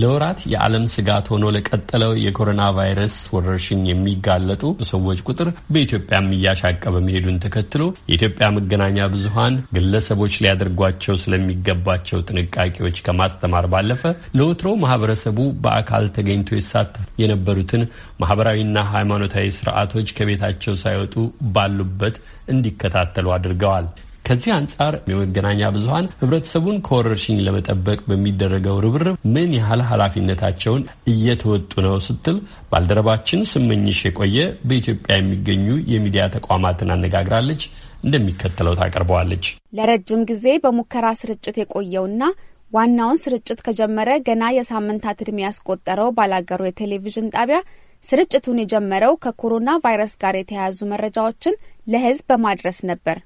ለወራት የዓለም ስጋት ሆኖ ለቀጠለው የኮሮና ቫይረስ ወረርሽኝ የሚጋለጡ ሰዎች ቁጥር በኢትዮጵያም እያሻቀበ መሄዱን ተከትሎ የኢትዮጵያ መገናኛ ብዙኃን ግለሰቦች ሊያደርጓቸው ስለሚገባቸው ጥንቃቄዎች ከማስተማር ባለፈ ለወትሮ ማህበረሰቡ በአካል ተገኝቶ ይሳተፍ የነበሩትን ማህበራዊና ሃይማኖታዊ ስርዓቶች ከቤታቸው ሳይወጡ ባሉበት እንዲከታተሉ አድርገዋል። ከዚህ አንጻር የመገናኛ ብዙሀን ህብረተሰቡን ከወረርሽኝ ለመጠበቅ በሚደረገው ርብርብ ምን ያህል ኃላፊነታቸውን እየተወጡ ነው ስትል ባልደረባችን ስመኝሽ የቆየ በኢትዮጵያ የሚገኙ የሚዲያ ተቋማትን አነጋግራለች። እንደሚከተለው ታቀርበዋለች። ለረጅም ጊዜ በሙከራ ስርጭት የቆየውና ዋናውን ስርጭት ከጀመረ ገና የሳምንታት እድሜ ያስቆጠረው ባላገሩ የቴሌቪዥን ጣቢያ ስርጭቱን የጀመረው ከኮሮና ቫይረስ ጋር የተያያዙ መረጃዎችን ለህዝብ በማድረስ ነበር።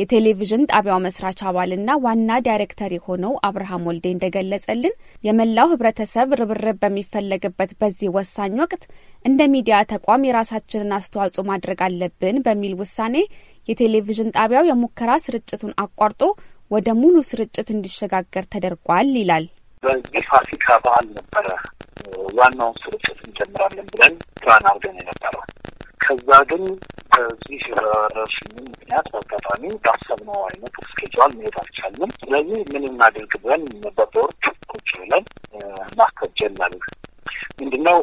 የቴሌቪዥን ጣቢያው መስራች አባልና ዋና ዳይሬክተር የሆነው አብርሃም ወልዴ እንደገለጸልን የመላው ህብረተሰብ ርብርብ በሚፈለግበት በዚህ ወሳኝ ወቅት እንደ ሚዲያ ተቋም የራሳችንን አስተዋጽኦ ማድረግ አለብን በሚል ውሳኔ የቴሌቪዥን ጣቢያው የሙከራ ስርጭቱን አቋርጦ ወደ ሙሉ ስርጭት እንዲሸጋገር ተደርጓል ይላል። በዚህ ፋሲካ በዓል ነበረ ዋናውን ስርጭት እንጀምራለን ብለን ፕላን አርገን የነበረው ከዛ ግን በዚህ በወረርሽኙ ምክንያት በአጋጣሚ ባሰብነው አይነት እስኬጅል መሄድ አልቻልንም። ስለዚህ ምን እናድርግ ብለን በቦርድ ቁጭ ብለን ማሰብ ምንድነው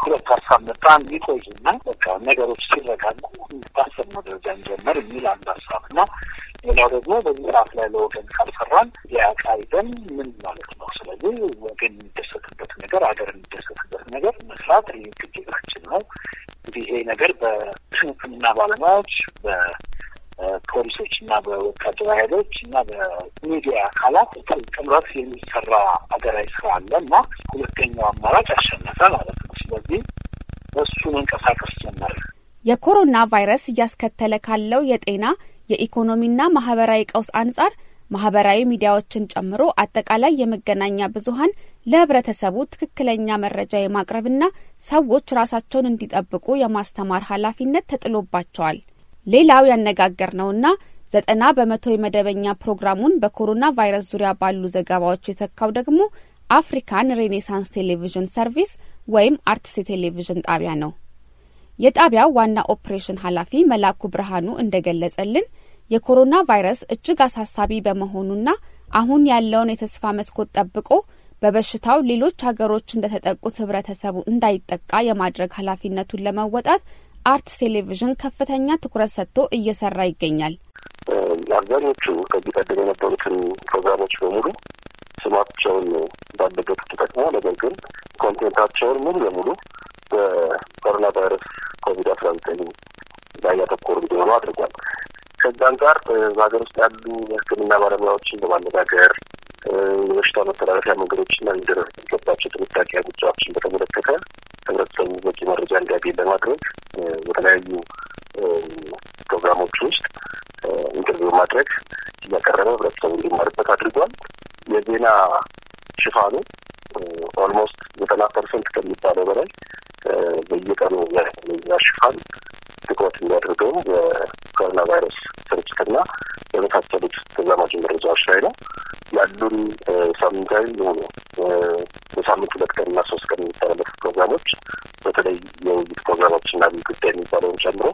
ሁለት ሀሳብ መጣ። እንዲቆይና በቃ ነገሮች ሲረጋጉ ባሰብነው ደረጃ እንጀምር የሚል አንድ ሀሳብ እና ሌላው ደግሞ በዚህ ሰዓት ላይ ለወገን ካልሰራን የአቃይደን ምን ማለት ነው? ስለዚህ ወገን የሚደሰትበት ነገር፣ አገር የሚደሰትበት ነገር መስራት ይህ ግዴታችን ነው እንግዲህ ይሄ ነገር በሕክምና ባለሙያዎች በፖሊሶች እና በወታደራዊ ኃይሎች እና በሚዲያ አካላት ጥምረት የሚሰራ ሀገራዊ ስራ አለ እና ሁለተኛው አማራጭ አሸነፈ ማለት ነው። ስለዚህ በሱ መንቀሳቀስ ጀመረ። የኮሮና ቫይረስ እያስከተለ ካለው የጤና የኢኮኖሚና ማህበራዊ ቀውስ አንጻር ማህበራዊ ሚዲያዎችን ጨምሮ አጠቃላይ የመገናኛ ብዙሀን ለህብረተሰቡ ትክክለኛ መረጃ የማቅረብና ሰዎች ራሳቸውን እንዲጠብቁ የማስተማር ኃላፊነት ተጥሎባቸዋል። ሌላው ያነጋገር ነውና ዘጠና በመቶ የመደበኛ ፕሮግራሙን በኮሮና ቫይረስ ዙሪያ ባሉ ዘገባዎች የተካው ደግሞ አፍሪካን ሬኔሳንስ ቴሌቪዥን ሰርቪስ ወይም አርትስ ቴሌቪዥን ጣቢያ ነው። የጣቢያው ዋና ኦፕሬሽን ኃላፊ መላኩ ብርሃኑ እንደገለጸልን የኮሮና ቫይረስ እጅግ አሳሳቢ በመሆኑና አሁን ያለውን የተስፋ መስኮት ጠብቆ በበሽታው ሌሎች ሀገሮች እንደተጠቁት ህብረተሰቡ እንዳይጠቃ የማድረግ ኃላፊነቱን ለመወጣት አርት ቴሌቪዥን ከፍተኛ ትኩረት ሰጥቶ እየሰራ ይገኛል። አብዛኞቹ ከዚህ ቀደም የነበሩትን ፕሮግራሞች በሙሉ ስማቸውን ባለበት ተጠቅሞ ነገር ግን ኮንቴንታቸውን ሙሉ ለሙሉ በኮሮና ቫይረስ ከዛ ጋር በሀገር ውስጥ ያሉ የሕክምና ባለሙያዎችን በማነጋገር የበሽታ መተላለፊያ መንገዶችና ሊደረግ የሚገባቸው ጥንቃቄ ጉጫዎችን በተመለከተ ህብረተሰቡ በቂ መረጃ እንዲያገኝ ለማድረግ በተለያዩ ፕሮግራሞች ውስጥ ኢንተርቪው ማድረግ እያቀረበ ህብረተሰቡ እንዲማርበት አድርጓል። የዜና ሽፋኑ ኦልሞስት ዘጠና ፐርሰንት ከሚባለው በላይ በየቀኑ የዜና ሽፋን ትኩረት እንዲያደርገው ኮሮና ቫይረስ ስርጭትና በመሳሰሉት ተዛማጅ መረጃዎች ላይ ነው ያሉን ሳምንታዊ የሆኑ በሳምንት ሁለት ቀን እና ሶስት ቀን የሚጠረበት ፕሮግራሞች በተለይ የውይይት ፕሮግራሞችና አብይ ጉዳይ የሚባለውን ጨምሮ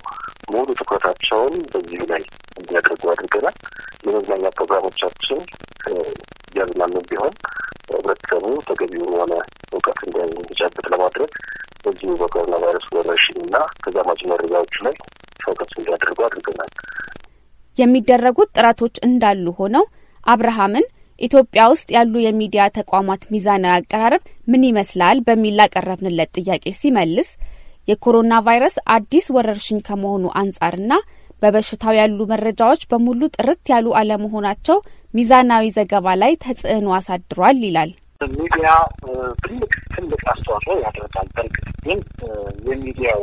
ሙሉ ትኩረታቸውን በዚሁ ላይ እንዲያደርጉ አድርገናል። የመዝናኛ ፕሮግራሞቻችን እያዝናኑን ቢሆን ህብረተሰቡ ተገቢውን የሆነ እውቀት እንዲጨብጥ ለማድረግ በዚሁ በኮሮና ቫይረስ እና ተዛማጅ መረጃዎቹ ላይ ከሱ እንዲያደርጉ አድርገናል። የሚደረጉት ጥረቶች እንዳሉ ሆነው አብርሃምን ኢትዮጵያ ውስጥ ያሉ የሚዲያ ተቋማት ሚዛናዊ አቀራረብ ምን ይመስላል በሚል ላቀረብንለት ጥያቄ ሲመልስ የኮሮና ቫይረስ አዲስ ወረርሽኝ ከመሆኑ አንጻርና በበሽታው ያሉ መረጃዎች በሙሉ ጥርት ያሉ አለመሆናቸው ሚዛናዊ ዘገባ ላይ ተጽዕኖ አሳድሯል ይላል። ሚዲያ ትልቅ ትልቅ አስተዋጽኦ ያደርጋል። በእርግጥ ግን የሚዲያው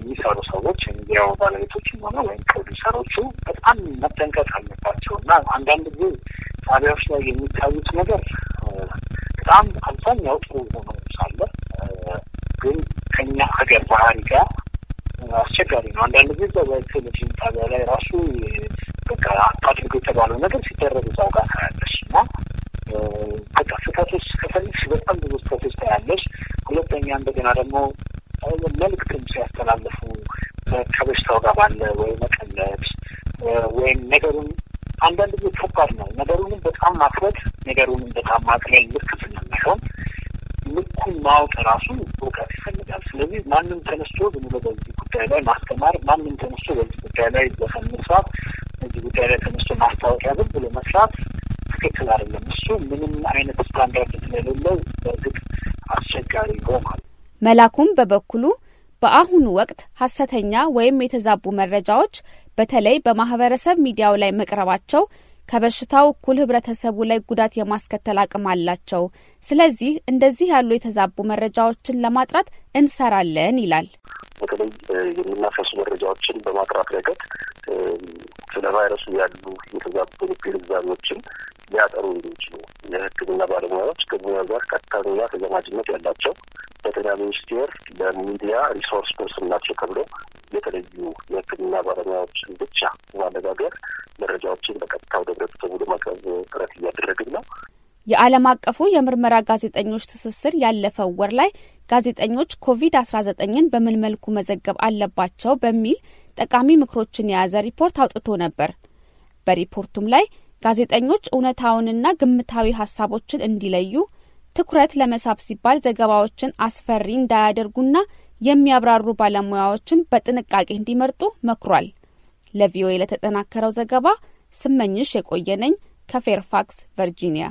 የሚሰሩ ሰዎች የሚዲያው ባለቤቶች ሆነ ወይም ፕሮዲሰሮቹ በጣም መጠንቀቅ አለባቸው እና አንዳንድ ጊዜ ጣቢያዎች ላይ የሚታዩት ነገር በጣም አብዛኛው ጥሩ ሆኖ ሳለ ግን ከኛ ሀገር ባህሪ ጋር አስቸጋሪ ነው። አንዳንድ ጊዜ በቴሌቪዥን ጣቢያ ላይ ራሱ በቃ አታድርገው የተባለው ነገር ሲደረግ እዛው ጋር ታያለሽ እና በቃ ስህተቱ ታያለሽ። ሁለተኛ እንደገና ደግሞ መልእክትም ሲያስተላልፉ ከበሽታው ጋር ባለ ወይ መቀለድ ወይም ነገሩን አንዳንድ ጊዜ ከባድ ነው። ነገሩንም በጣም ማክበድ፣ ነገሩንም በጣም ማቅለል ምልክት ስለሚሆን ልኩን ማወቅ ራሱ እውቀት ይፈልጋል። ስለዚህ ማንም ተነስቶ ዝም ብሎ በዚህ ጉዳይ ላይ ማስተማር፣ ማንም ተነስቶ በዚህ ጉዳይ ላይ ዘፈን መስራት፣ በዚህ ጉዳይ ላይ ተነስቶ ማስታወቂያ ዝም ብሎ መስራት ትክክል አይደለም። እሱ ምንም አይነት ስታንዳርድ ስለሌለው ታሪኮ ይቆማል። መላኩም በበኩሉ በአሁኑ ወቅት ሀሰተኛ ወይም የተዛቡ መረጃዎች በተለይ በማህበረሰብ ሚዲያው ላይ መቅረባቸው ከበሽታው እኩል ህብረተሰቡ ላይ ጉዳት የማስከተል አቅም አላቸው። ስለዚህ እንደዚህ ያሉ የተዛቡ መረጃዎችን ለማጥራት እንሰራለን ይላል። በተለይ የሚናፈሱ መረጃዎችን በማጥራት ረገድ ስለ ቫይረሱ ያሉ የተዛቡ ግንዛቤዎችን ሊያጠሩ የሚችሉ የሕክምና ባለሙያዎች ከሙያ ጋር ቀጥተኛ ተዘማጅነት ያላቸው በጤና ሚኒስቴር በሚዲያ ሪሶርስ ፐርሰን ናቸው ተብሎ የተለዩ የሕክምና ባለሙያዎችን ብቻ ማነጋገር መረጃዎችን በቀጥታ ወደ ህብረተሰቡ ለማቅረብ ጥረት እያደረግን ነው። የዓለም አቀፉ የምርመራ ጋዜጠኞች ትስስር ያለፈው ወር ላይ ጋዜጠኞች ኮቪድ አስራ ዘጠኝን በምን መልኩ መዘገብ አለባቸው በሚል ጠቃሚ ምክሮችን የያዘ ሪፖርት አውጥቶ ነበር። በሪፖርቱም ላይ ጋዜጠኞች እውነታውንና ግምታዊ ሀሳቦችን እንዲለዩ ትኩረት ለመሳብ ሲባል ዘገባዎችን አስፈሪ እንዳያደርጉና የሚያብራሩ ባለሙያዎችን በጥንቃቄ እንዲመርጡ መክሯል። ለቪኦኤ ለተጠናከረው ዘገባ ስመኝሽ የቆየነኝ ከፌርፋክስ ቨርጂኒያ